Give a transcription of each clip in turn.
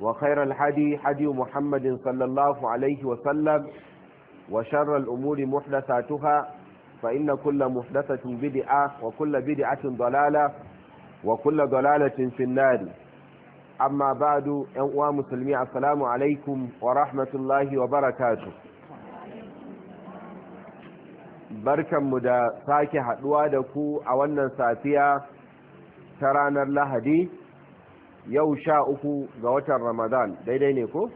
وخير الحدي حدي محمد صلى الله عليه وسلم وشر الأمور محدثاتها فإن كل محدثة بدعة وكل بدعة ضلالة وكل ضلالة في النار أما بعد أنواع مسلمي السلام عليكم ورحمة الله وبركاته barkanmu da sake haɗuwa da ku a wannan safiya ta ranar lahadi yau sha uku ga watan ramadan daidai ne ko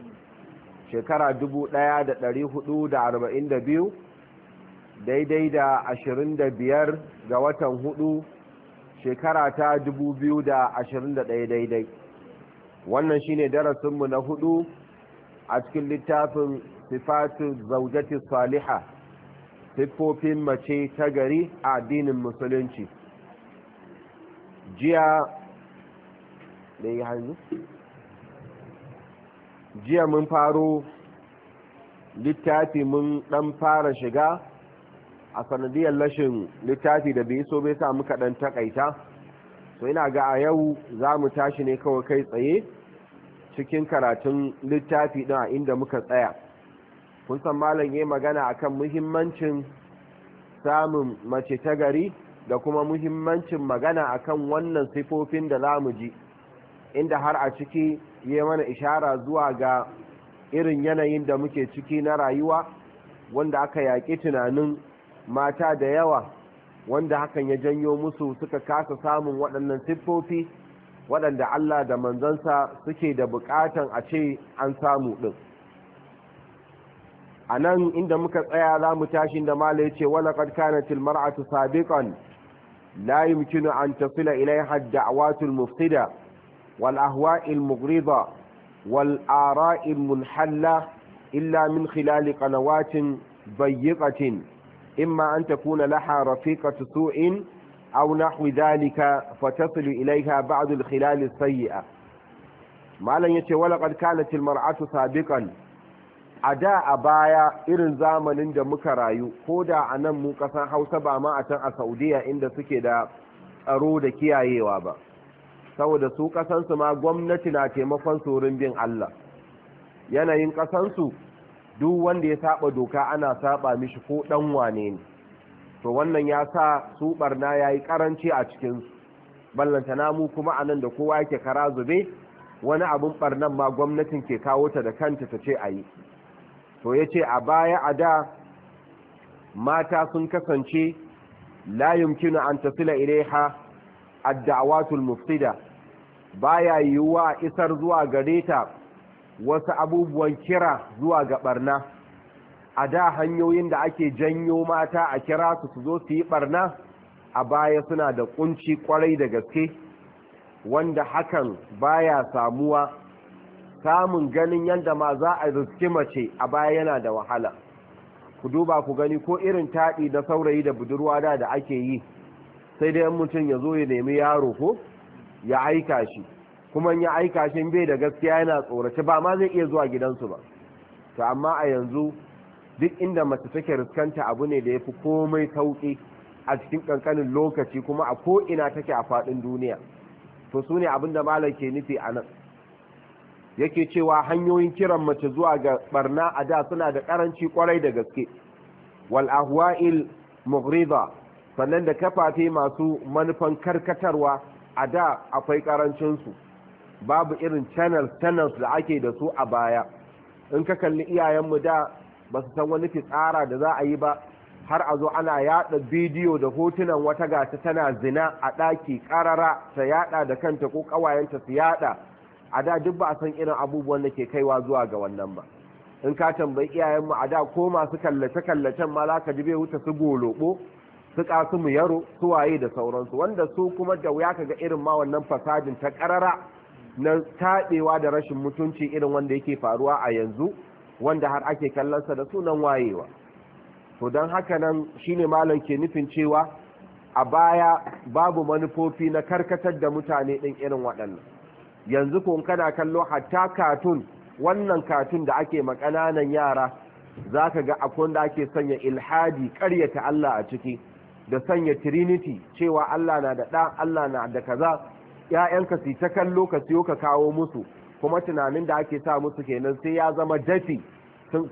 shekara dubu ɗaya da ɗari hudu da arba'in da biyu daidai da ashirin da biyar ga watan hudu shekara ta dubu biyu da ashirin da ɗaya daidai wannan shine darasinmu na hudu a cikin littafin sifatu zaujati saliha siffofin mace ta gari a addinin musulunci jiya da hannu jiya mun faro littafi mun ɗan fara shiga a sanadiyar lashin littafi da bai so bai sa muka ɗan takaita so ina ga a yau za mu tashi ne kawai kai tsaye cikin karatun littafi ɗin a inda muka tsaya kun san malam ya magana akan muhimmancin samun mace ta gari da kuma muhimmancin magana akan wannan sifofin da za mu ji inda har a ciki ya mana ishara zuwa ga irin yanayin da muke ciki na rayuwa wanda aka yaƙi tunanin mata da yawa wanda hakan ya janyo musu suka kasa samun waɗannan siffofi waɗanda Allah da manzansa suke da buƙatan a ce an samu ɗin a nan inda muka tsaya za mu tashi da mala ya ce wala ƙarƙanar tilmar'atu sabiƙon la mukinu an tafila ilai hadda a watul mufsida والأهواء المغرضة والآراء المنحلة إلا من خلال قنوات ضيقة إما أن تكون لها رفيقة سوء أو نحو ذلك فتصل إليها بعض الخلال السيئة ما لن ولقد كانت المرأة سابقا a da a baya irin zamanin da muka rayu ko da a nan mu kasan hausa ba ma a can a saudiya inda suke da tsaro da kiyayewa ba saboda su kasansu ma gwamnati na taimakon tsorin bin Allah yanayin kasansu duk wanda ya saba doka ana saba mishi ko dan wane ne to wannan ya sa su barna yi karanci a cikinsu ballanta namu kuma a nan da kowa yake kara zube wani abin barnan ma gwamnatin ke kawo ta da kanta ta ce a yi to ya ce a baya a da mata sun kasance la yumkinu an tasila ilaiha ad da'awatul mufsida baya yiwuwa isar zuwa gare ta wasu abubuwan kira zuwa ga barna a da hanyoyin da ake janyo mata a kira su su zo su yi barna a baya suna da kunci kwarai da gaske wanda hakan baya samuwa samun ganin yadda ma za a riski mace a baya yana da wahala ku duba ku gani ko irin taɗi na saurayi da budurwa da da ake yi sai dai mutum ya zo ya nemi yaro ko ya aika shi kuma ya aika shi bai da gaskiya yana tsorace ba ma zai iya zuwa gidansu ba to amma a yanzu duk inda mace take riskanta abu ne da yafi fi komai sauki a cikin kankanin lokaci kuma a ko'ina take a fadin duniya to su ne abin da malam ke nufi a nan yake cewa hanyoyin kiran mace zuwa ga barna a da suna da karanci kwarai da gaske wal ahwa'il mughridha sannan da kafafe masu manufan karkatarwa a da akwai karancinsu babu irin channels channels da ake da su a baya in ka kalli iyayenmu da ba su san wani fitsara da za a yi ba har a zo ana yada bidiyo da hotunan wata gata tana zina a ɗaki karara ta yada da kanta ko ƙawayenta su yada a da duk ba a san irin abubuwan da ke kaiwa zuwa ga wannan ba in ka tambayi iyayenmu a da ko masu kallace-kallacen ma za ka ji bai wuta su golobo su mu yaro su waye da sauransu wanda su kuma da wuya kaga irin ma wannan fasadin ta karara na taɗewa da rashin mutunci irin wanda yake faruwa a yanzu wanda har ake kallonsa da sunan wayewa to dan haka nan shine malam ke nufin cewa a baya babu manufofi na karkatar da mutane din irin waɗannan yanzu ko kana kallo hatta katun wannan katun da ake makananan yara zaka ga akwai da ake sanya ilhadi ƙaryata Allah a ciki da sanya trinity cewa Allah na da ɗa Allah na da kaza ƴaƴanka su ta kallo ka siyo ka kawo musu kuma tunanin da ake sa musu kenan sai ya zama dafi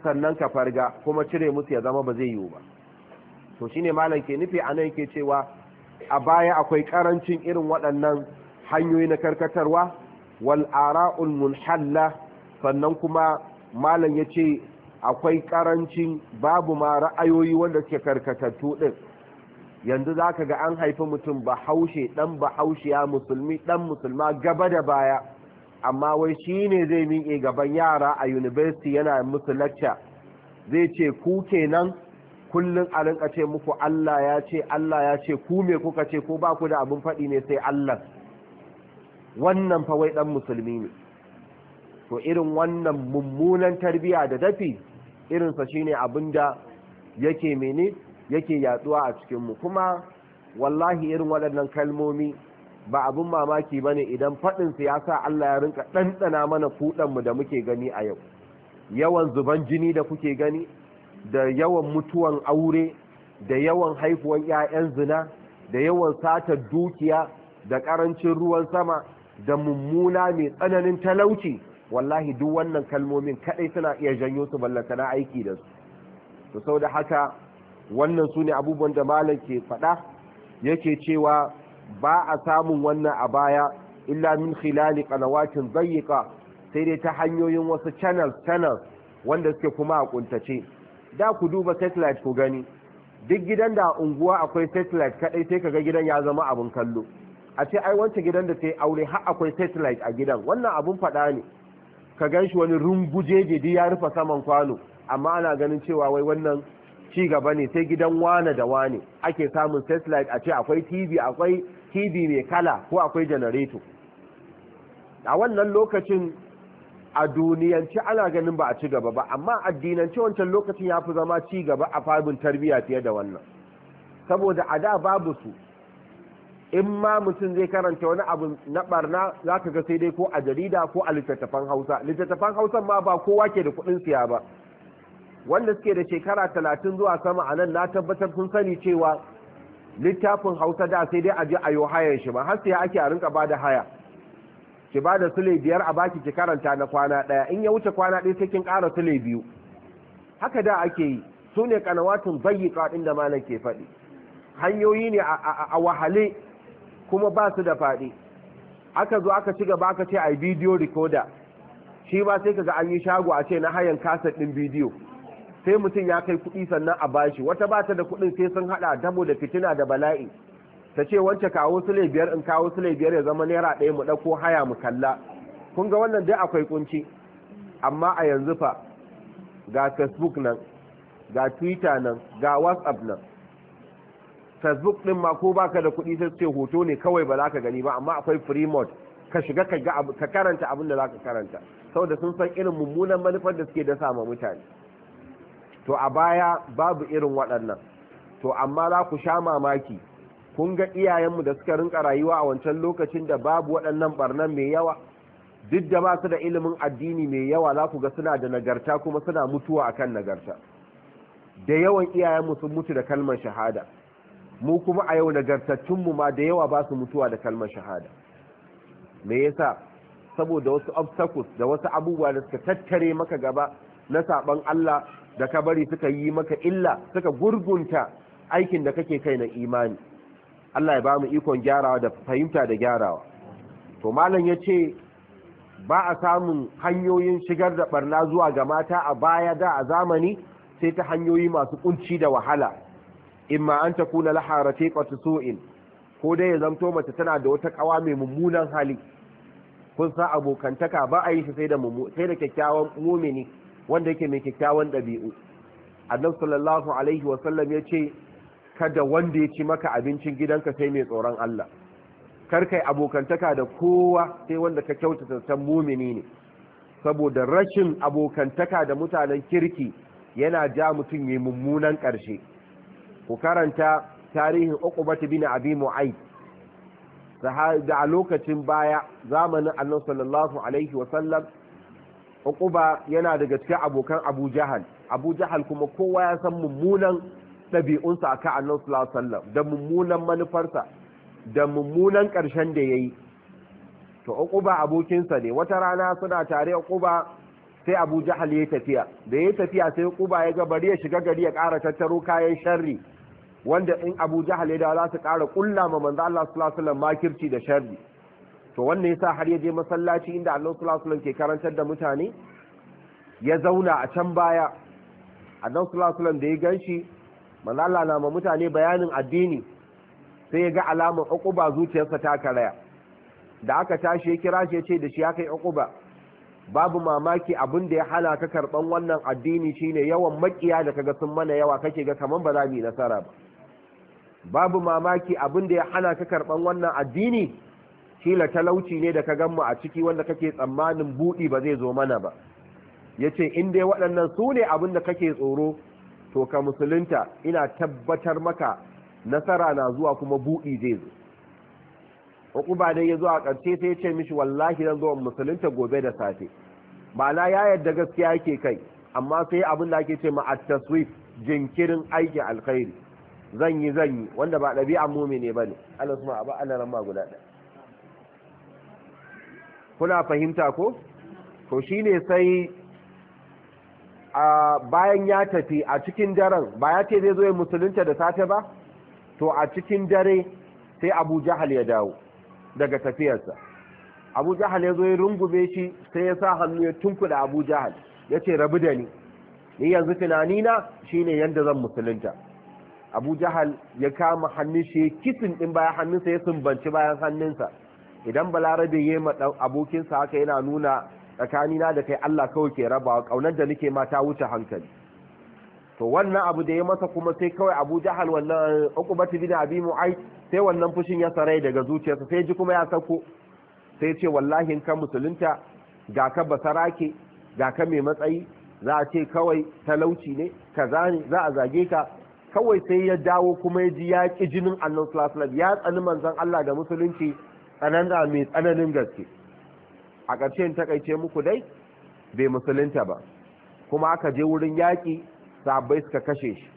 sannan ka farga kuma cire musu ya zama ba zai yiwu ba to shine malam ke nufi a nan ke cewa a baya akwai karancin irin waɗannan hanyoyi na karkatarwa wal'ara'un ara'ul munhalla sannan kuma malam ya ce akwai karancin babu ma ra'ayoyi wanda suke karkatattu din yanzu za ka ga an haifi mutum ba haushe ɗan ba haushiya musulmi ɗan musulma gaba da baya amma wai shi ne zai miƙe gaban yara a university yana musu lecture zai ce ku kenan kullum a rinka ce muku Allah ya ce Allah ya ce ku me kuka ce ko ba ku da abin faɗi ne sai Allah wannan fa wai ɗan musulmi ne to irin wannan mummunan tarbiya da dafi irinsa shine abin da yake mene yake yaduwa a cikin mu kuma wallahi irin waɗannan kalmomi ba abin mamaki ba ne idan su ya sa Allah ya rinka ɗanɗana mana mu da muke gani a yau yawan zuban jini da kuke gani da yawan mutuwan aure da yawan haifuwan ƴaƴan zina da yawan satar dukiya da ƙarancin ruwan sama da mummuna mai tsananin talauci wallahi duk wannan kalmomin kaɗai suna iya janyo su ballantana aiki da su to sau haka wannan su ne abubuwan da malam ke faɗa yake cewa ba a samun wannan a baya illa min khilali qanawatin dayyika sai dai ta hanyoyin wasu channels channels wanda suke kuma a kuntace da ku duba satellite ku gani duk gidan da unguwa akwai satellite kadai sai ka ga gidan ya zama abin kallo a ce ai wancan gidan da sai aure har akwai satellite a gidan wannan abun faɗa ne ka ganshi shi wani runguje gidi ya rufe saman kwano amma ana ganin cewa wai wannan ci gaba ne sai gidan wane da wane ake samun satellite a ce akwai tv akwai tv mai kala ko akwai janareto a wannan lokacin a duniyance ana ganin ba a ci gaba ba amma addinance wancan lokacin ya fi zama ci gaba a fabin tarbiyya fiye da wannan saboda a da babu su in ma mutum zai karanta wani abu na barna za ka ga sai dai ko a jarida ko a littattafan hausa littattafan hausa ma ba kowa ke da kuɗin siya ba wanda suke da shekara talatin zuwa sama a nan na tabbatar sun sani cewa littafin hausa da sai dai a je a yi hayan shi ba har sai ake a rinka ba da haya ki ba da sule biyar a baki ki karanta na kwana ɗaya in ya wuce kwana ɗaya sai kin ƙara sule biyu haka da ake yi su ne kanawatun bayyika inda malam ke faɗi hanyoyi ne a wahale kuma ba su da faɗi aka zo aka ci gaba aka ce a bidiyo rikoda shi ba sai kaga an yi shago a ce na hayan kaset ɗin bidiyo sai mutum ya kai kuɗi sannan a bashi wata ba ta da kuɗin sai sun haɗa dabo da fitina da bala'i ta ce wance kawo su biyar in kawo su biyar ya zama naira ɗaya mu ɗauko haya mu kalla kun ga wannan dai akwai kunci amma a yanzu fa ga facebook nan ga twitter nan ga whatsapp nan facebook ɗin ma ko baka da kuɗi sai ce hoto ne kawai ba za ka gani ba amma akwai free mode ka shiga ka karanta abin da za ka karanta saboda sun san irin mummunan manufar da suke dasa ma mutane to a baya babu irin waɗannan to amma za ku sha mamaki kun ga iyayenmu da suka rinka rayuwa a wancan lokacin da babu waɗannan barnan mai yawa duk da ba su da ilimin addini mai yawa za ku ga suna da nagarta kuma suna mutuwa a kan nagarta da yawan iyayenmu sun mutu da kalmar shahada mu kuma a yau nagartattunmu ma da yawa ba su mutuwa da kalmar shahada me yasa saboda wasu obstacles da wasu abubuwa da suka tattare maka gaba na saban Allah da ka bari suka yi maka illa suka gurgunta aikin da kake kai na imani Allah ya ba mu ikon gyarawa da fahimta da gyarawa to malam ya ce ba a samun hanyoyin shigar da barna zuwa ga mata a baya da a zamani sai ta hanyoyi masu kunci da wahala imma an ta kuna ce kwata so'in ko dai ya zamto mace tana da wata kawa mai mummunan hali kun sa abokantaka ba a yi shi sai da kyakkyawan mumini wanda yake mai kyakkyawan ɗabi'u annab sallallahu alaihi wasallam ya ce kada wanda ya ci maka abincin gidanka sai mai tsoron Allah kar kai abokantaka da kowa sai wanda ka kyautata san mumini ne saboda rashin abokantaka da mutanen kirki yana ja mutum yi mummunan ƙarshe ku karanta tarihin uqbat bin abi mu'ayd da a lokacin baya zamanin annabi sallallahu alaihi wasallam uquba yana daga cikin abokan abu jahal abu jahal kuma kowa ya san mummunan ɗabi'unsa aka annabi sallallahu alaihi wasallam da mummunan manufarsa da mummunan ƙarshen da yayi to uquba abokinsa ne wata rana suna tare uquba sai abu jahal ya tafiya da ya tafiya sai uquba ya ga bari ya shiga gari ya ƙara tattaro kayan sharri wanda in abu jahal ya dawo za su ƙara ƙulla ma manzo Allah sallallahu alaihi wasallam makirci da sharri to wannan yasa har yaje masallaci inda Allah sallallahu alaihi wasallam ke karantar da mutane ya zauna a can baya Allah sallallahu alaihi wasallam da ya ganshi manzo na ma mutane bayanin addini sai ya ga alamar uquba zuciyarsa ta karaya da aka tashi ya kira shi ya ce da shi ya kai uquba babu mamaki abin da ya hana ka karban wannan addini shine yawan makiya da kaga sun mana yawa kake ga kaman ba za mu yi nasara ba babu mamaki abin da ya hana ka karban wannan addini kila talauci ne da ka ganmu a ciki wanda kake tsammanin buɗi ba zai zo mana ba yace in dai waɗannan su ne abin da kake tsoro to ka musulunta ina tabbatar maka nasara na zuwa kuma buɗi zai zo ba dai ya zo a ƙarshe sai ya ce mishi wallahi zan zo musulunta gobe da safe ma'ana ya yarda gaskiya yake kai amma sai abin da ake ce ma at-taswif jinkirin aiki alkhairi zan yi zan yi wanda ba ɗabi'a mumine bane Allah subhanahu wa Allah ran ma guda ɗaya kuna fahimta ko to shine sai a bayan ya tafi a cikin daren ba ya ce zai zo ya musulunta da safe ba to a cikin dare sai abu jahal ya dawo daga tafiyarsa abu jahal ya zo ya rungume shi sai ya sa hannu ya tunkuda abu jahal ya ce rabu da ni ni yanzu tunanina shine yadda zan musulunta abu jahal ya kama hannun shi kisin ɗin bayan hannunsa ya sumbanci bayan hannunsa idan balarabe ya ma abokinsa haka yana nuna tsakanina da kai Allah kawai ke rabawa Ƙaunar da nake ma ta wuce hankali to wannan abu da ya masa kuma sai kawai Abu Jahal wannan Uqbatu bin Abi ai sai wannan fushin ya sarai daga zuciyarsa sai ji kuma ya sako sai ce wallahi in ka musulunta ga ka basarake ga ka mai matsayi za a ce kawai talauci ne kaza ne za a zage ka kawai sai ya dawo kuma ya ji ya ki jinin annan sallallahu ya tsani manzon Allah da musulunci tsananga mai tsananin gaske a ƙarshen takaice muku dai bai musulunta ba kuma aka je wurin yaƙi sabai suka kashe shi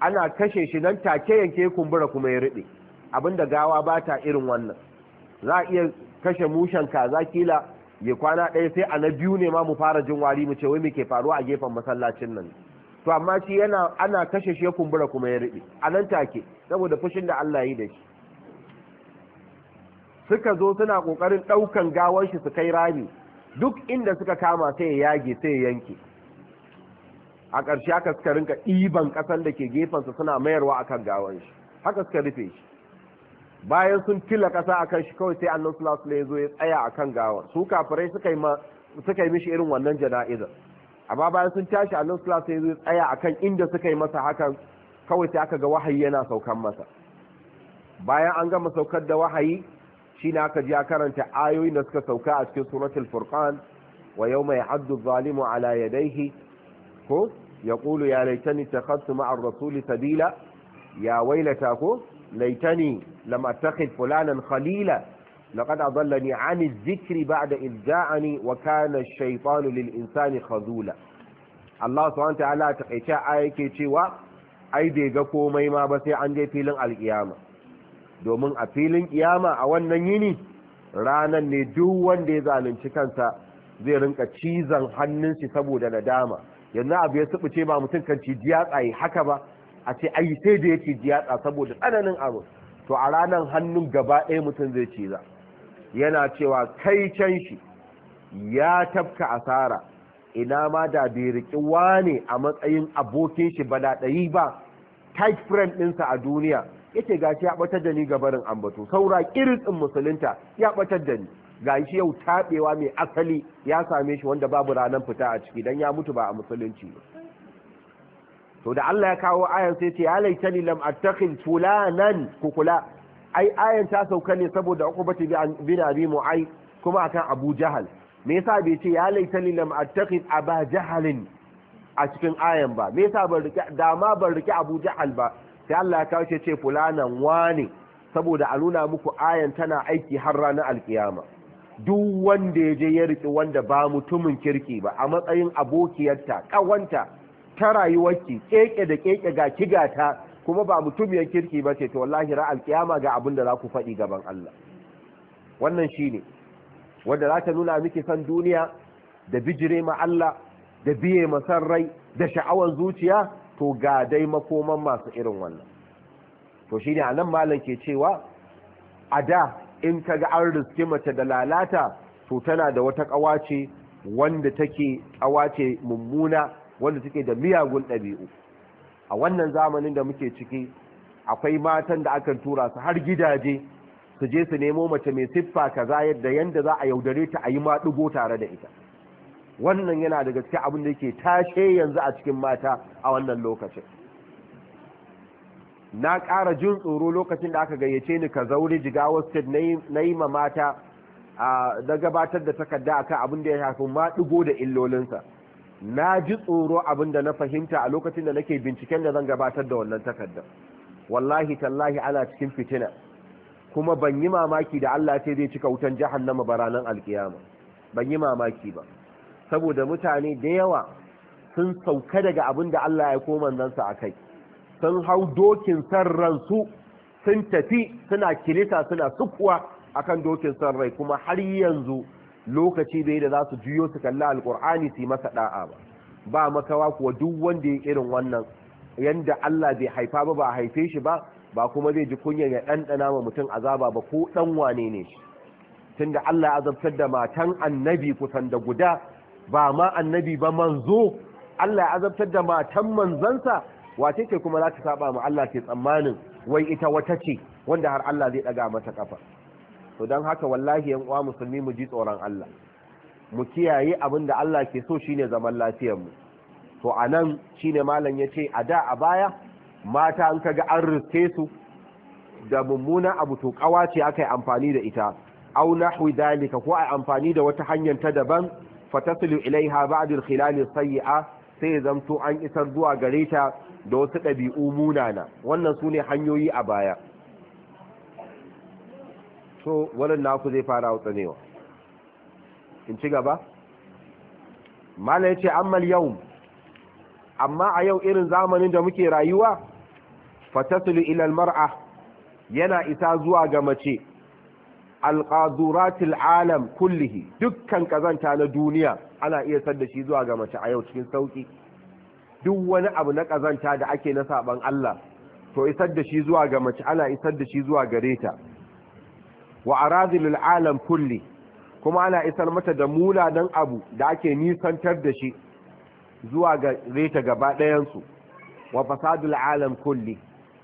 ana kashe shi nan take yanke kumbura kuma ya riɗe abinda gawa ba ta irin wannan za a iya kashe mushen kaza kila ya kwana ɗaya sai a na biyu ne ma mu fara jin wari mu ce wai muke faruwa a gefen masallacin nan to amma shi yana ana kashe shi ya kumbura kuma ya riɗe a nan take saboda fushin da Allah ya yi da shi suka zo suna kokarin daukan gawar shi su kai rami duk inda suka kama sai ya yage sai ya yanke a ƙarshe aka suka rinka ɗiban ƙasan da ke gefensa suna mayarwa akan gawar shi haka suka rufe shi bayan sun tila ƙasa akan shi kawai sai annan sulasula ya zo ya tsaya akan gawar su kafirai suka yi mishi irin wannan jana'izar amma bayan sun tashi annan sulasula ya zo ya tsaya akan inda suka yi masa hakan kawai sai aka ga wahayi yana saukan masa bayan an gama saukar da wahayi shine aka ji karanta ayoyin da suka sauka a cikin suratul furqan wa yawma ya'addu adh-dhalimu ala yadayhi ko yaqulu ya laitani takhassu ma'a ar-rasuli sabila ya waylata ko laitani lam attakhid fulanan khalila laqad adallani 'ani adh-dhikri ba'da idh ja'ani wa kana ash-shaytanu lil-insani khazula Allah subhanahu wa ta'ala ta kaice ayake cewa ai bai ga komai ma ba sai an je filin alkiyama domin a filin kiyama a wannan yini ranan ne duk wanda ya zalunci kansa zai rinka cizon hannun shi saboda nadama yanzu abu ya ce ba mutum kan ci jiyatsa yi haka ba a ce ai sai da ya ci jiyatsa saboda tsananin abu to a ranan hannun gaba ɗaya mutum zai ciza yana cewa kai can shi ya tafka asara ina ma da bai riƙi wane a matsayin abokin shi ba da ɗayi ba tight friend ɗinsa a duniya yace gashi ya batar da ni ga barin ambato saura kiritsin musulunta ya batar da ni gashi yau tabewa mai asali ya same shi wanda babu ranar fita a ciki dan ya mutu ba a musulunci ba to da Allah ya kawo ayan sai ce ya laitani lam attakhil fulanan kukula ai ayan ta sauka ne saboda ukubati bin abi mu'ay kuma akan abu jahal me yasa bai ce ya laitani lam attakhil aba jahalin a cikin ayan ba me yasa ban rike da ban rike abu jahal ba sai Allah ya kawo ce fulanan wane saboda a nuna muku ayan tana aiki har ranar alkiyama duk wanda ya je ya riƙe wanda ba mutumin kirki ba a matsayin abokiyarta ƙawanta ta rayuwarki keke da keke ga kigata kuma ba mutumin kirki ba ce to wallahi ra alkiyama ga abin da za ku faɗi gaban Allah wannan shine wanda za ta nuna miki san duniya da bijire ma Allah da biye masarrai da sha'awar zuciya to ga dai makoman masu irin wannan to shi ne a malam ke cewa a da in ka ga an riske mace da lalata to tana da wata ƙawace wanda take ƙawace mummuna wanda take da miyagun ɗabi'u a wannan zamanin da muke ciki akwai matan da akan tura su har gidaje su je su nemo mace mai siffa kaza yadda yanda za a yaudare ta a yi maɗigo tare da ita wannan yana daga cikin abin da yake tashe yanzu a cikin mata a wannan lokacin na ƙara jin tsoro lokacin da aka gayyace ni ka zauri jigawa state na yi ma mata na gabatar da takarda akan abin da ya shafi ma ɗigo da illolinsa na ji tsoro abin da na fahimta a lokacin da nake binciken da zan gabatar da wannan takarda wallahi tallahi ana cikin fitina kuma ban yi mamaki da Allah sai zai cika wutan jahannama baranan alkiyama ban yi mamaki ba saboda mutane da yawa sun sauka daga abin da Allah ya koma manzansa a kai sun hau dokin san ransu sun tafi suna kilita suna sukuwa akan dokin san rai kuma har yanzu lokaci bai da za su juyo su kalla alkur'ani su yi masa da'a ba ba makawa kuwa duk wanda ya irin wannan yanda Allah bai haifa ba ba haife shi ba ba kuma zai ji kunyar ya ɗanɗana ma mutum azaba ba ko ɗan wane ne tunda Allah ya azabtar da matan annabi kusan da guda ba ma annabi ba manzo Allah ya azabtar da matan manzansa wace ce kuma za ta saba ma Allah ke tsammanin wai ita wata ce wanda har Allah zai daga mata kafa to don haka wallahi yan uwa musulmi mu ji tsoron Allah mu kiyaye abin da Allah ke so shine zaman lafiyar mu to anan shine malam yace a da a baya mata an kaga an riske su da mummuna abu to kawace akai amfani da ita au nahwi dalika ko ai amfani da wata hanyar ta daban fatasilu ilaiha ba'dul khilal sayyi'a sai zamto an isar zuwa gare ta da wasu ɗabi'u munana wannan sune hanyoyi a baya so wannan naku zai fara tsanewa in ci gaba mala yace ammal yau amma a yau irin zamanin da muke rayuwa fatasilu ilal mar'a yana isa zuwa ga mace alqaduratil alam kullihi dukkan kazanta na duniya ana iya sadda shi zuwa ga mace a yau cikin sauki duk wani abu na kazanta da ake na saban Allah to isar da shi zuwa ga mace ana isar da shi zuwa gare ta wa arazil alam kulli kuma ana isar mata da mula dan abu da ake nisantar da shi zuwa ga reta gaba ɗayansu wa fasadul alam kulli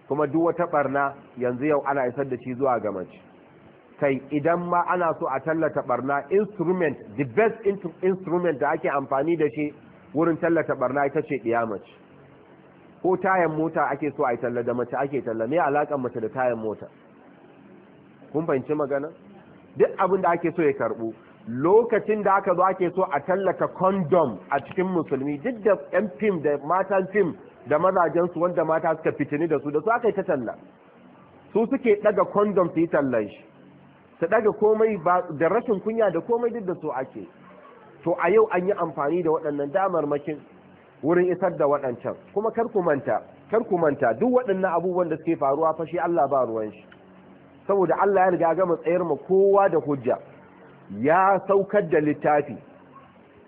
kuma duk wata barna yanzu yau ana isar da shi zuwa ga mace sai idan ma ana so a tallata barna instrument the best instrument da ake amfani da shi wurin tallata barna ita ce mace ko tayan mota ake so a yi talla mace ake talla me alakan mace da tayan mota kun fahimci magana duk abin da ake so ya karbu lokacin da aka zo ake so a tallata condom a cikin musulmi duk da yan fim da matan fim da mazajen su wanda mata suka fitini da su da su aka yi ta talla su suke ɗaga condom su yi tallan shi su daga komai da rashin kunya da komai duk da so ake to a yau an yi amfani da waɗannan damarmakin wurin isar da waɗancan kuma kar ku manta duk waɗannan abubuwan da suke faruwa fashe Allah ba ruwan shi saboda Allah ya riga gama tsayar ma kowa da hujja ya saukar da littafi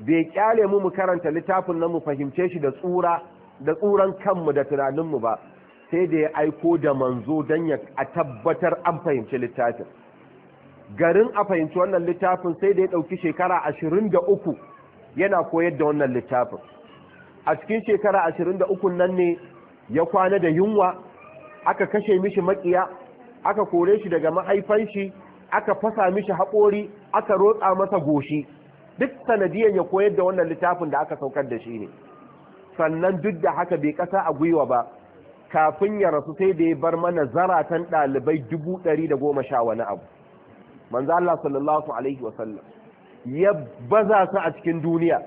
bai kyale mu mu karanta littafin nan mu fahimce shi da tsura da tsuran kanmu da tunaninmu ba sai da ya aiko da manzo don ya a tabbatar an fahimci littafin garin a fahimci wannan littafin sai da ya ɗauki shekara ashirin da uku yana koyar da wannan littafin a cikin shekara ashirin da uku nan ne ya kwana da yunwa aka kashe mishi maƙiya aka kore shi daga mahaifan shi aka fasa mishi haƙori aka rotsa masa goshi duk sanadiyan ya koyar da wannan littafin da aka saukar da shi ne sannan duk da haka bai ƙasa a gwiwa ba kafin ya rasu sai da ya bar mana zaratan ɗalibai dubu ɗari da goma sha wani abu manzo Allah sallallahu alaihi wasallam ya baza su a cikin duniya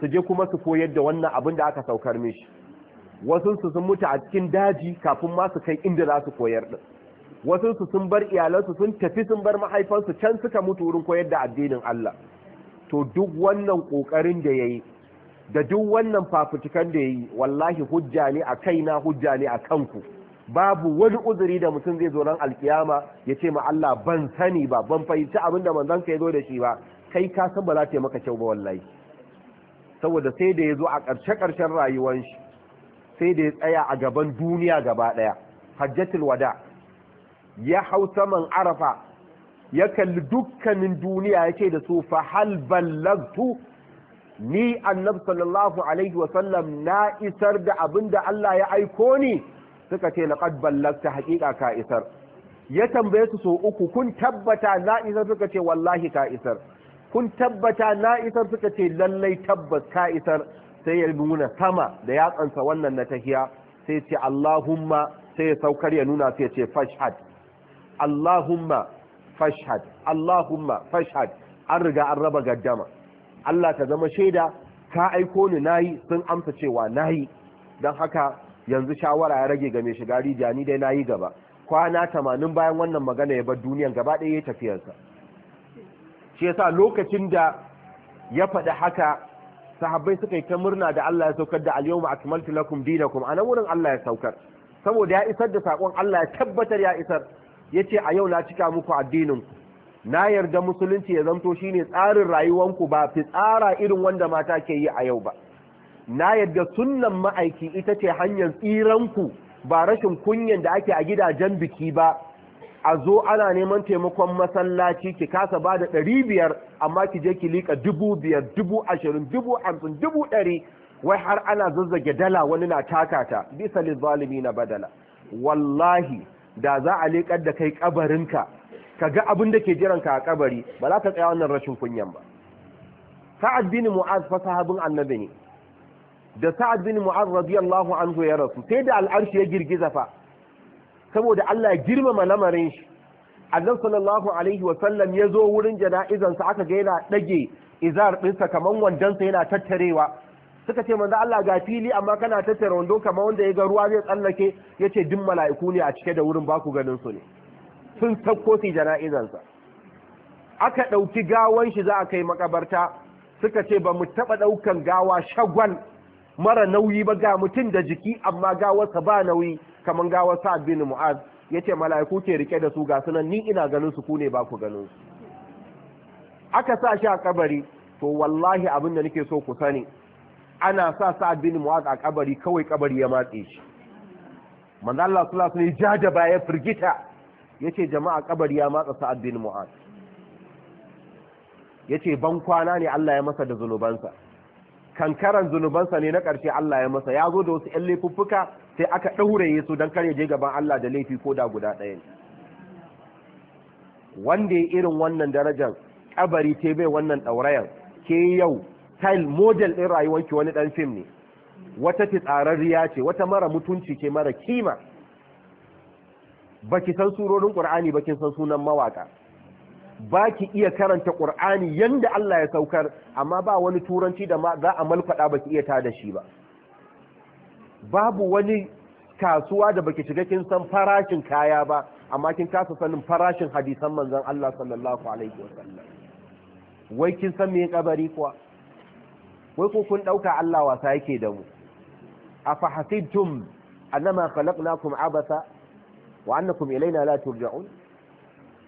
su je kuma su koyar da wannan abin da aka saukar mishi wasu su sun mutu a cikin daji kafin ma su kai inda za su koyar din wasu su sun bar iyalansu sun tafi sun bar mahaifansu can suka mutu wurin koyar da addinin Allah to duk wannan kokarin da yayi da duk wannan fafutukan da yayi wallahi hujja ne a kaina hujja ne a kanku babu wani uzuri da mutum zai zo nan alkiyama ya ce ma Allah ban sani ba ban fahimci abin da manzon ka ya zo da shi ba kai ka san ba za ta yi maka kyau ba wallahi saboda sai da ya zo a ƙarshe ƙarshen rayuwar shi sai da ya tsaya a gaban duniya gaba ɗaya hajjatul wada ya hau saman arafa ya kalli dukkanin duniya ya ce da su fa hal ballagtu ni annabi sallallahu alaihi na isar da abin da Allah ya aiko ni suka ce laqad ballagta haqiqa ka isar ya tambaye su so uku kun tabbata na isar suka ce wallahi ka isar kun tabbata na isar suka ce lallai tabbas ka isar sai ya nuna sama da yatsansa wannan na tahiya sai ce Allahumma sai ya saukar ya nuna sai ce fashhad Allahumma fashhad Allahumma fashhad an riga an raba gaddama Allah ka zama shaida ka aiko ni nayi sun amsa cewa nayi don haka yanzu shawara ya rage game shiga rijiya ni dai yi gaba kwana tamanin bayan wannan magana ya bar duniyan gaba ɗaya ya tafiyarsa shi yasa lokacin da ya faɗi haka sahabbai suka yi ta murna da Allah ya saukar da alyawma akmaltu lakum dinakum ana wurin Allah ya saukar saboda ya isar da sakon Allah ya tabbatar ya isar yace a yau na cika muku addinin ku na yarda musulunci ya zanto shine tsarin rayuwanku ba fi tsara irin wanda mata ke yi a yau ba na yadda sunan ma'aiki ita ce hanyar tsiranku ba rashin kunyan da ake a gidajen biki ba a zo ana neman taimakon masallaci ki kasa ba da ɗari biyar amma ki je ki liƙa dubu biyar dubu ashirin dubu hamsin dubu ɗari wai har ana zazzage dala wani na taka ta bisa lizalimi na badala wallahi da za a leƙar da kai ƙabarinka ka ga abin da ke jiranka a ƙabari ba za ka tsaya wannan rashin kunyan ba sa'ad bin mu'az fa sahabin annabi ne da sa'ad bin mu'az radiyallahu anhu ya rasu sai da al'arshi ya girgiza fa saboda Allah ya girmama lamarin shi Allah sallallahu alaihi wa sallam ya zo wurin jana'izan aka ga yana dage izar ɗinsa kaman wandon yana tattarewa suka ce manzo Allah ga fili amma kana tattare wando kamar wanda ya ga ruwa zai tsallake yace duk mala'iku ne a cike da wurin baku ganin su ne sun sauko su jana'izan aka ɗauki gawan shi za a kai makabarta suka ce ba mu taɓa ɗaukan gawa shagwal mara nauyi ba ga mutum da jiki amma ga gawarsa ba nauyi kamar gawar Sa'ad bin Mu'az yace mala'iku ke rike da su ga sunan ni ina ganin su ku ne ba ku ganin su aka sa shi a kabari to wallahi abin da nake so ku sani ana sa Sa'ad bin Mu'az a kabari kawai kabari ya matse shi manzo Allah sallallahu alaihi wasallam ya baya firgita yace jama'a kabari ya matsa Sa'ad bin Mu'az yace ban kwana ne Allah ya masa da zunubansa kankaran zunubansa ne na ƙarshe Allah ya masa ya zo da wasu ƴan laifuffuka sai aka ɗauraye su don ya je gaban Allah da laifi ko da guda ɗaya wanda ya irin wannan darajar kabari te bai wannan ɗaurayan ke yau tile model ɗin rayuwanki wani ɗan fim ne wata fitsararriya ce wata mara mutunci ce mara kima baki san surorin ƙur'ani kin san sunan mawaƙa. ba ki iya karanta ƙur'ani yanda Allah ya saukar amma ba wani turanci da za a malfaɗa ba ki iya ta da shi ba babu wani kasuwa da baki shiga kin san farashin kaya ba amma kin kasa sanin farashin hadisan manzan Allah sallallahu alaihi wasallam wai kin san me kabari kuwa wai ko kun ɗauka Allah wasa yake da mu afa hasibtum annama khalaqnakum abasa wa annakum ilaina la turja'un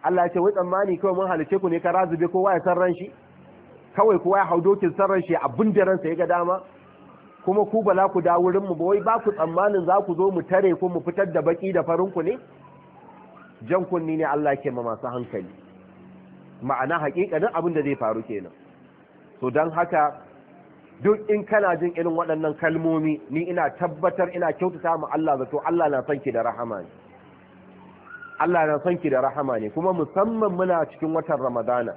Allah ya ce wai tsammani kawai mun halice ku ne ka razube kowa ya san ran shi kawai kowa ya haudokin san ran shi abin da ransa ya ga dama kuma ku bala ku da wurin mu ba wai ba ku tsammanin za ku zo mu tare ku mu fitar da baki da farin ku ne jan kunni ne Allah ke ma masu hankali ma'ana hakikanin abin da zai faru kenan so dan haka duk in kana jin irin waɗannan kalmomi ni ina tabbatar ina kyautata ma Allah zato Allah na son ki da rahama ne Allah na san ki da rahama ne kuma musamman muna cikin watan Ramadana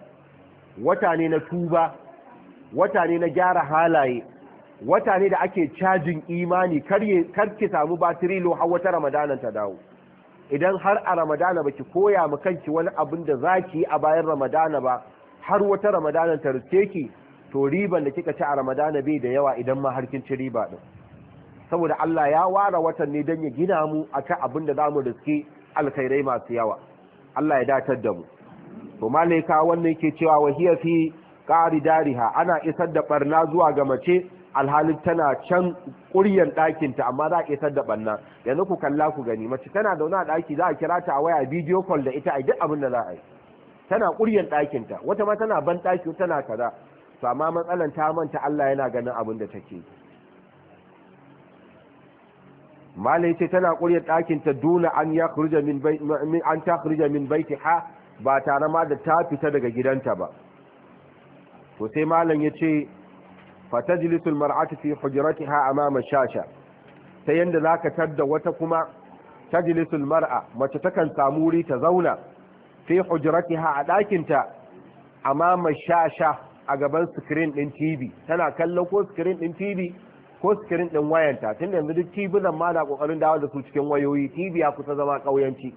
wata ne na tuba wata ne na gyara halaye wata ne da ake cajin imani kar ki samu batiri lo har wata Ramadana ta dawo idan har a Ramadana baki koya mu kanki wani abin da zaki a bayan Ramadana ba har wata Ramadana ta riske ki to riban da kika ci a Ramadana bai da yawa idan ma har kin ci riba din saboda Allah ya ware watan ne dan ya gina mu a abinda abin da za riske alkhairai masu yawa Allah ya datar da mu to malaika wannan yake cewa wahiya fi qari dariha ana isar da barna zuwa ga mace alhalin tana can ƙuryan ɗakinta amma za a isar da barna yanzu ku kalla ku gani mace tana da wani ɗaki za a kira ta a waya bidiyo call da ita a duk abin da za a yi tana ƙuryan ɗakinta wata ma tana ban ɗaki tana kaza to amma matsalan ta manta Allah yana ganin abin da take malai yace tana ƙuryar ɗakin ta duna an ya min bai an ta min ha ba tare ma da ta fita daga gidanta ba to sai malam yace fatajlisu almar'atu fi hujratiha amama shasha ta yanda zaka da wata kuma tajlisu almar'a mace takan samu wuri ta zauna fi hujratiha a ɗakin ta amama shasha a gaban screen din TV tana kallon ko screen din TV ko sikirin ɗin wayanta tun da yanzu duk tibunan ma na ƙoƙarin dawo da su cikin wayoyi tv ya kusa zama ƙauyenci.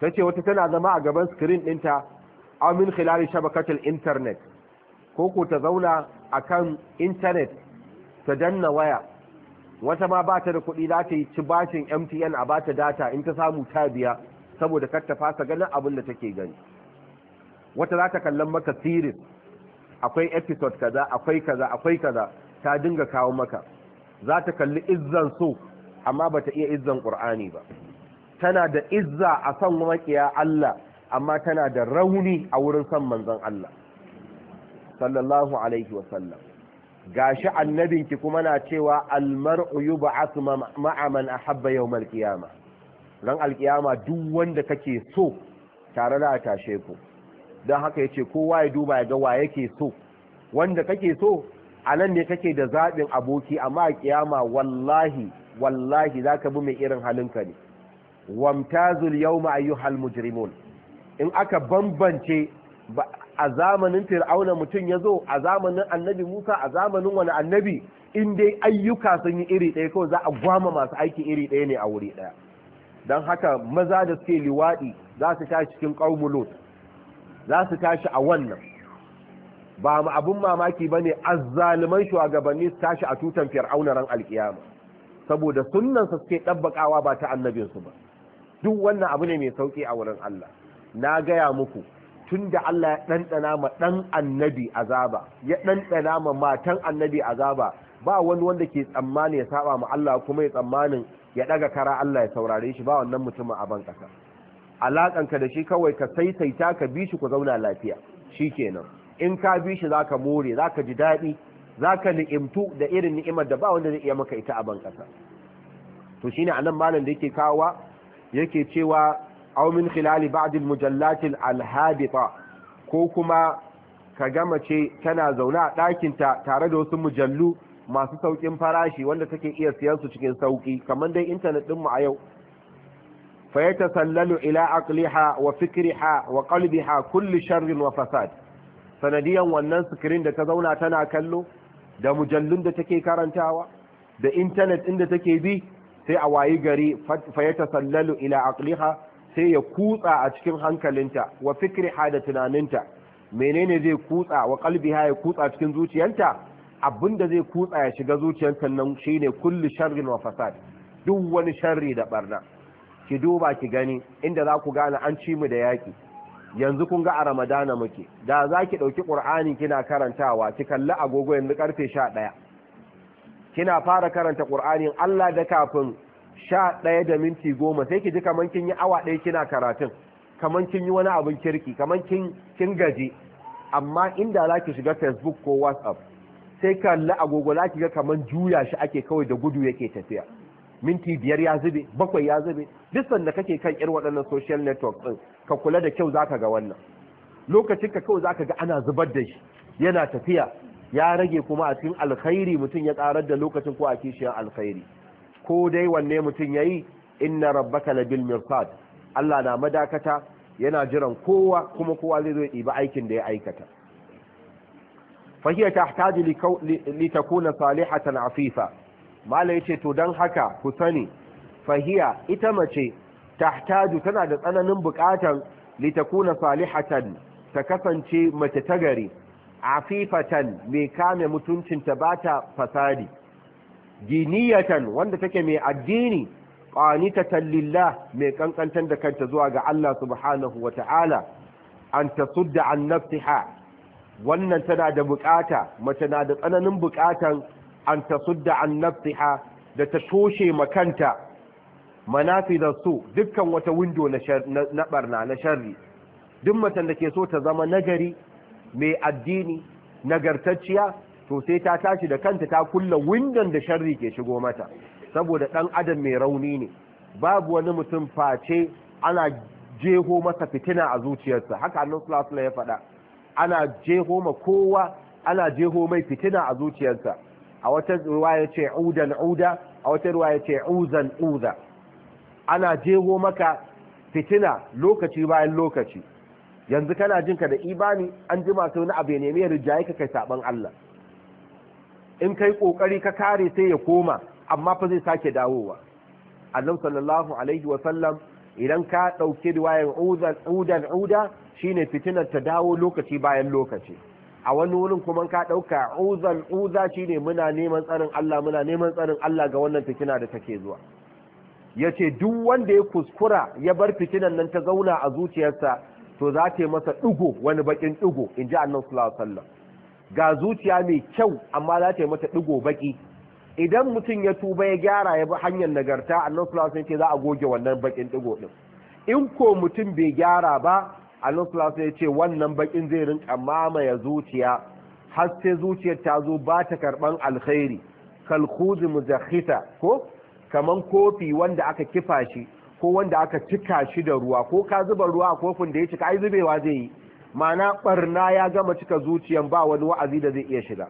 ta ce wata tana zama a gaban sikirin ɗinta aw min khilali shabakatul internet ko ko ta zauna a kan intanet ta danna waya wata ma ba ta da kuɗi za ta yi ci bashin mtn a ba ta data in ta samu ta biya saboda kar ta fasa ganin abin da take gani wata za ta kallon maka series akwai episode kaza akwai kaza akwai kaza ta dinga kawo maka za ta kalli izzan so amma ba ta iya izzan ƙur'ani ba tana da izza a san makiya Allah amma tana da rauni a wurin san manzon Allah sallallahu alaihi wasallam gashi annabinki kuma na cewa almar'u su ma'a man ahabba yawm alqiyama ran alqiyama duk wanda kake so tare da tashe ku dan haka yace kowa ya duba ya ga wa yake so wanda kake so a nan ne kake da zaɓin aboki amma a kiyama wallahi wallahi za ka bi mai irin halinka ne wamtazul ma ayyuhal mujrimun in aka bambance a zamanin fir'auna mutum ya zo a zamanin annabi musa a zamanin wani annabi in dai ayyuka sun yi iri ɗaya kawai za a gwama masu aiki iri ɗaya ne a wuri ɗaya don haka maza da suke liwaɗi za su tashi cikin ƙaumulot za su tashi a wannan ba mu abun mamaki ba ne azzaliman shugabanni su tashi a tutan fir'auna ran alkiyama saboda sunnansa suke ɗabbaƙawa ba ta annabinsu ba duk wannan abu ne mai sauƙi a wurin Allah na gaya muku tun da Allah ya ɗanɗana ma ɗan annabi azaba ya ɗanɗana ma matan annabi azaba ba wani wanda ke tsammani ya saba ma Allah kuma ya tsammanin ya ɗaga kara Allah ya saurare shi ba wannan mutumin a ban ƙasa alaƙanka da shi kawai ka saisaita ka bi shi ku zauna lafiya shi kenan in ka bi shi zaka more zaka ji daɗi zaka ni'imtu da irin ni'imar da ba wanda zai iya maka ita a bankasa to shine anan malam da yake kawa yake cewa aw min khilali ba'd al mujallat al habita ko kuma ka gama ce tana zauna a ɗakin ta tare da wasu mujallu masu saukin farashi wanda take iya siyan su cikin sauki kamar dai internet din mu a yau fa yatasallalu ila aqliha wa fikriha wa qalbiha kulli sharrin wa fasad sanadiyan wannan sikirin da ta zauna tana kallo da mujallun da take karantawa da intanet inda take bi sai a wayi gari fa ya tasallalu ila aqliha sai ya kutsa a cikin hankalinta wa fikriha da tunaninta menene zai kutsa wa qalbiha ya kutsa cikin zuciyarta abinda zai kutsa ya shiga zuciyarta nan shine kullu sharrin wa fasad duk wani sharri da barna ki duba ki gani inda za ku gane an ci mu da yaki yanzu kun ga a ramadana muke da za ki ɗauki ƙur'ani kina karantawa ki kalli agogo yanzu ƙarfe sha ɗaya kina fara karanta ƙur'ani allah da kafin sha ɗaya da minti goma sai ki ji kamar kin yi awa ɗaya kina karatun kamar kin yi wani abin kirki kamar kin gaji amma inda za ki shiga facebook ko whatsapp sai kalli agogo za ki ga kamar juya shi ake kawai da gudu yake tafiya minti biyar ya zube bakwai ya zube duk sanda kake kan irin waɗannan social network din ka kula da kyau zaka ga wannan lokacin ka kawai zaka ga ana zubar da shi yana tafiya ya rage kuma a cikin alkhairi mutum ya tsarar da lokacin ko a kishiyar alkhairi ko dai wanne mutum yayi inna rabbaka labil mirsad Allah na madakata yana jiran kowa kuma kowa zai zo ya ɗiba aikin da ya aikata fahiya tahtaju li takuna salihatan afifa mala yace to dan haka ku sani fahiya ita mace tahtaju tana da tsananin bukatan litakuna salihatan ta kasance mace ta gari afifatan mai kame mutuncinta bata fasadi diniyatan wanda take mai addini qanitatan lillah mai kankantar da kanta zuwa ga Allah subhanahu wata'ala an tasudda an nafsiha wannan tana da bukata mace na da tsananin bukatan an sudda an nafsiha da ta toshe makanta manafidar su dukkan wata windo na barna na sharri duk matan da ke so ta zama nagari mai addini nagartacciya to sai ta tashi da kanta ta kulla windon da sharri ke shigo mata saboda dan adam mai rauni ne babu wani mutum face ana jeho masa fitina a zuciyarsa haka annabi sallallahu alaihi ya faɗa ana jeho ma kowa ana jeho mai fitina a zuciyarsa a wata ruwaya ce udan uda a wata ruwaya ce uzan uza ana jego maka fitina lokaci bayan lokaci yanzu kana jin ka da imani an jima sai wani abu ya nemi ya rijaye ka kai saban Allah in kai kokari ka kare sai ya koma amma fa zai sake dawowa Allah sallallahu alaihi wa sallam idan ka ɗauki riwayar udan uda shine fitinar ta dawo lokaci bayan lokaci a wani wurin kuma ka ɗauka uzan uza ne muna neman tsarin Allah muna neman tsarin Allah ga wannan fitina da take zuwa yace duk wanda ya kuskura ya bar fitinan nan ta zauna a zuciyarsa to za ta yi masa ɗigo wani bakin ɗigo in ji annan sallallahu ga zuciya mai kyau amma za ta yi mata ɗigo baƙi. idan mutum ya tuba ya gyara ya bi hanyar nagarta annan sallallahu alaihi ce za a goge wannan bakin ɗigo ɗin in ko mutum bai gyara ba annabtula sai ya ce wannan bakin zai rinka mamaya zuciya har sai zuciyar ta zo ba ta karban alkhairi kalkuzi muzakhita ko kaman kofi wanda aka kifa shi ko wanda aka cika shi da ruwa ko ka zuba ruwa a kofin da ya cika ai zubewa zai yi mana barna ya gama cika zuciyan ba wani wa'azi da zai iya shiga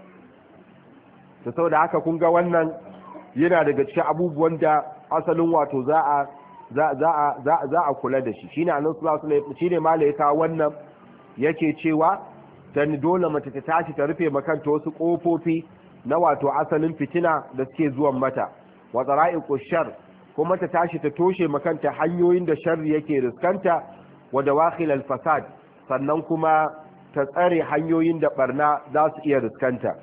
to saboda haka kun ga wannan yana daga cikin abubuwan da asalin wato za a za a kula da shi shi ne sallallahu alaihi wasallam shine malaika wannan yake cewa dan dole mace ta tashi ta rufe makanta wasu ƙofofi na wato asalin fitina da suke zuwan mata wata tsara'iqu shar kuma ta tashi ta toshe makanta hanyoyin da sharri yake riskanta wada wakil alfasad fasad sannan kuma ta tsare hanyoyin da barna za su iya riskanta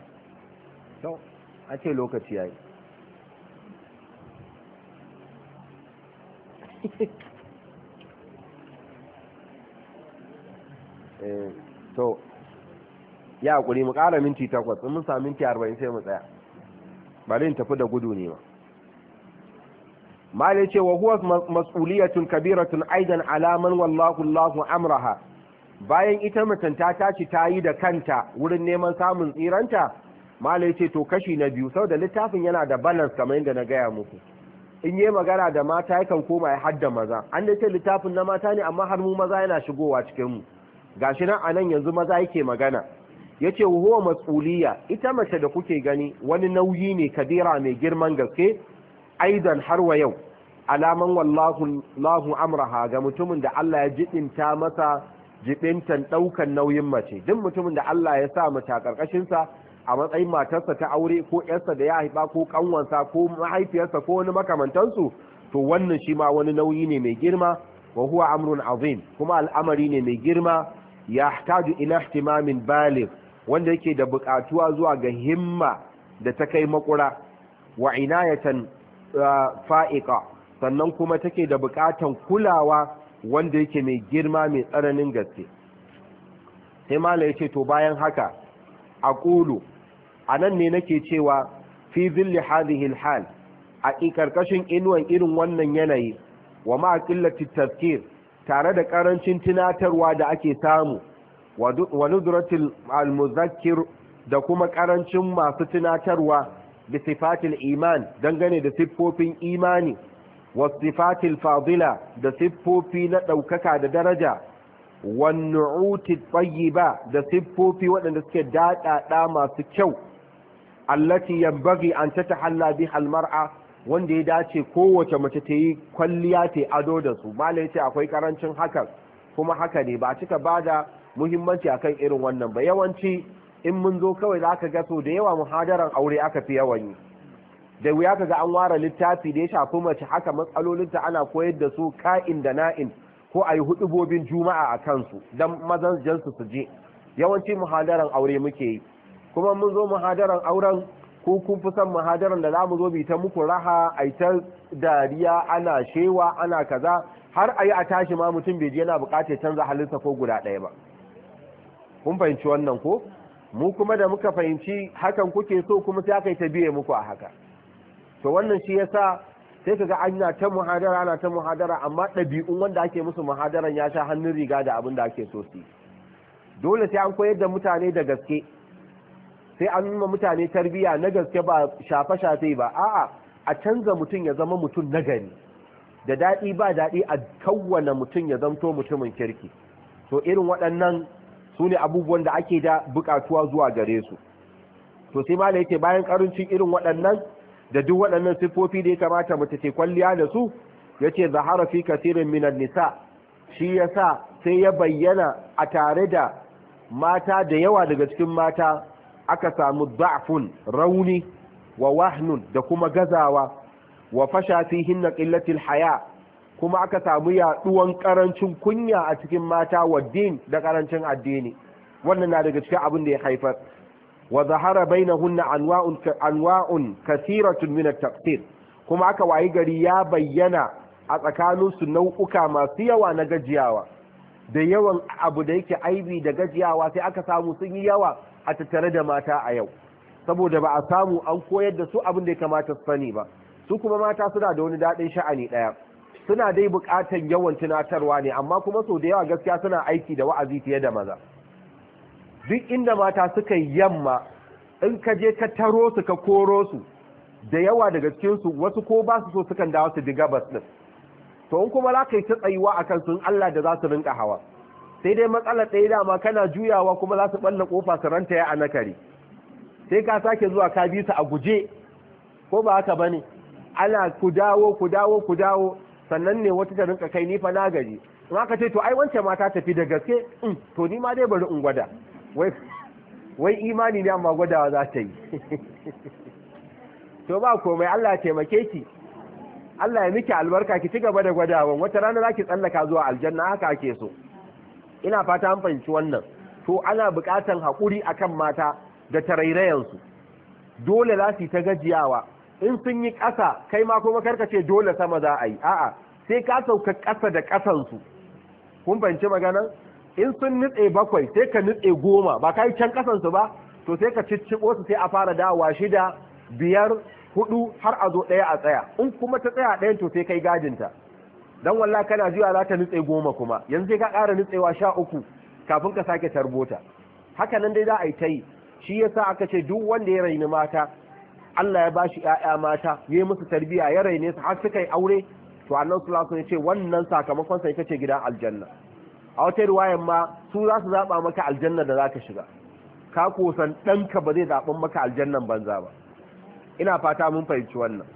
a lokaci yayi Eh, to ya kuri mu ƙara minti takwas mun sami minti arba'in sai mu tsaya bari in tafi da gudu ne ma mali ce wa huwa mas'uliyatun kabiratun aidan alaman wallahu Allahu amraha bayan ita mutunta ta tashi ta yi da kanta wurin neman samun tsiranta mali ce to kashi na biyu saboda littafin yana da balance kamar yadda na gaya muku in yi magana da mata ya yakan koma ya hadda maza an da ce littafin na mata ne amma har mu maza yana shigowa cikin mu shi nan anan yanzu maza yake magana Ya yace huwa matsuliya ita mace da kuke gani wani nauyi ne kabira mai girman gaske aidan har wa yau alaman wallahu lahu amraha ga mutumin da Allah ya jidinta masa jibintan daukan nauyin mace duk mutumin da Allah ya sa mace a a matsayin matarsa ta aure ko ƴarsa da ya haifa ko kanwansa ko mahaifiyarsa ko wani makamantansu to wannan shi ma wani nauyi ne mai girma wa huwa amrun azim kuma al'amari ne mai girma yahtaju ila ihtimamin baligh wanda yake da buƙatuwa zuwa ga himma da ta kai makura wa inayatan uh, fa'iqa sannan kuma take da buƙatan kulawa wanda yake mai girma mai tsananin gaske sai ya yace to bayan haka aqulu a nan ne nake cewa fi zilli hadhihi hal a karkashin inuwan irin wannan yanayi wa ma qillati tare da ƙarancin tunatarwa da ake samu wa nudratil almuzakkir da kuma ƙarancin masu tunatarwa bi sifatil iman dangane da siffofin imani wa sifatil fadila da siffofi na ɗaukaka da daraja wa nu'utit tayyiba da siffofi waɗanda suke daɗaɗa masu kyau allati yanbaghi an tatahalla biha almar'a wanda ya dace kowace mace ta yi kwalliya ta ado da su mala yace akwai karancin haka kuma haka ne ba cika bada muhimmanci akan irin wannan ba yawanci in mun zo kawai zaka ga so da yawa muhadaran aure aka fi yawan yi da wuya ka ga an ware littafi da ya shafi mace haka matsalolin ta ana koyar da su ka'in da na'in ko ayi yi hudubobin juma'a a kansu dan mazan jansu su je yawanci muhadaran aure muke yi kuma mun zo muhadaran auren ko kun fi son muhadaran da zamu zo bi ta muku raha ai ta dariya ana shewa ana kaza har ayi a tashi ma mutum bai je yana buƙatar canza halinsa ko guda ɗaya ba kun fahimci wannan ko mu kuma da muka fahimci hakan kuke so kuma sai aka yi ta biye muku a haka to wannan shi yasa sai kaga ana ta muhadara ana ta muhadara amma ɗabi'un wanda ake musu muhadaran ya sha hannun riga da abin da ake so su dole sai an koyar da mutane da gaske sai an nuna mutane tarbiya na gaske ba shafe-shafe ba a'a a canza mutum ya zama mutum nagari da daɗi ba daɗi a kawwana mutum ya zamto mutumin kirki to irin waɗannan su ne abubuwan da ake da buƙatuwa zuwa gare su to sai mala yake bayan ƙarancin irin waɗannan da duk waɗannan siffofi da ya kamata mu ce kwalliya da su ya ce zahara fi kasirin minan nisa shi ya sa sai ya bayyana a tare da mata da yawa daga cikin mata aka samu da'fun rauni wa wahnun da kuma gazawa wa fasha hinna na ƙillatil haya kuma aka samu yaɗuwan ƙarancin kunya a cikin mata wa din da ƙarancin addini wannan na daga cikin abin da ya haifar wa zahara bainahunna anwa'un anwa'un kasiratun min at-taqsir kuma aka wayi gari ya bayyana a tsakanin su nau'uka masu yawa na gajiyawa da yawan abu da yake aibi da gajiyawa sai aka samu sun yi yawa a tattare da mata a yau saboda ba a samu an koyar da su abin da ya kamata su sani ba su kuma mata suna da wani daɗin sha'ani ɗaya suna dai buƙatan yawan tunatarwa ne amma kuma sau da yawa gaskiya suna aiki da wa'azi fiye da maza duk inda mata suka yamma in ka je ka taro su ka koro su da yawa daga su wasu ko ba su so sukan dawo su diga bas din, to in kuma za ka yi ta tsayuwa akan sun Allah da za su rinka hawa sai dai matsala ɗaya dama kana juyawa kuma za su ɓalla ƙofa su ranta ya a nakari sai ka sake zuwa ka bi su a guje ko ba haka ba ne ana ku dawo ku dawo ku dawo sannan ne wata ta rinka kai ni fa na gaji in aka ce to ai wancan mata tafi da gaske in mm, to ni ma dai bari in gwada wai imani ne amma gwadawa za ta yi to ba komai Allah ya taimake ki Allah ya miki albarka ki ci gaba da gwadawa wata rana za ki tsallaka zuwa aljanna haka ake so ina fata an fahimci wannan to ana buƙatar haƙuri akan mata da su dole za su ta gajiyawa in sun yi ƙasa kai ma kuma karka ce dole sama za a yi a'a sai ka sauka ƙasa da ƙasansu kun fahimci magana in sun nutse bakwai sai ka nutse goma ba ka yi can ƙasansu ba to sai ka cicciɓo su sai a fara dawowa shida biyar hudu har a zo ɗaya a tsaya in kuma ta tsaya ɗayan to sai kai gadinta Don wallah kana zuwa za ta nutse goma kuma yanzu ka ƙara nutsewa sha uku kafin ka sake tarbota haka nan dai za a yi ta yi shi ya sa aka ce duk wanda ya raini mata Allah ya ba shi ya'ya mata ya yi musu tarbiya ya raine su har suka yi aure to annabi ya ce wannan sakamakon sa ce gidan aljanna a wata riwayar ma su za su zaba maka aljanna da za ka shiga ka kosan ɗanka ba zai zaɓin maka aljannan banza ba ina fata mun fahimci wannan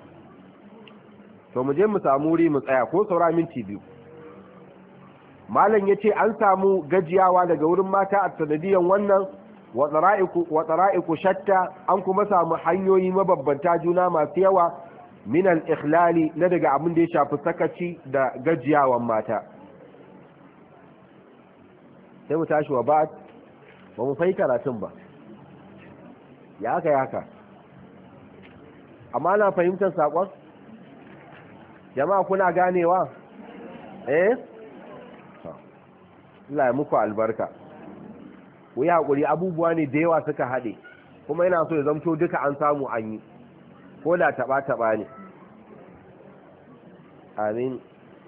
to mu je mu samu wuri mu tsaya ko saura minti biyu malam ya ce an samu gajiyawa daga wurin mata a sanadiyan wannan wa tsara'iku shatta an kuma samu hanyoyi mababbanta juna masu yawa minal ikhlali na daga abin da ya shafi sakaci da gajiyawan mata sai mu tashi wa ba ba mu fai karatun ba ya haka ya haka amma na fahimtar saƙon jama'a kuna ganewa eh Allah ya muku albarka ku yi haƙuri abubuwa ne da yawa suka haɗe kuma yana so ya zamto duka an samu an yi ko da taɓa-taɓa ne amin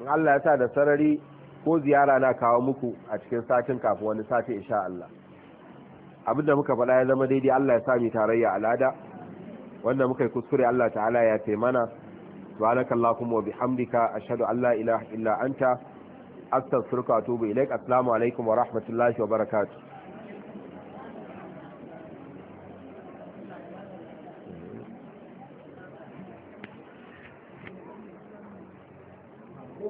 Allah ya sa da sarari ko ziyara na kawo muku a cikin satin kafin wani sati insha Allah abinda muka faɗa ya zama daidai Allah ya sa mu tarayya al'ada wanda muka yi kuskure Allah ta'ala ya taimana mana subhanakallahumma wa bihamdika ashhadu an la ilaha illa anta suruka wa atubu ilaik assalamu alaikum wa rahmatullahi wa barakatuh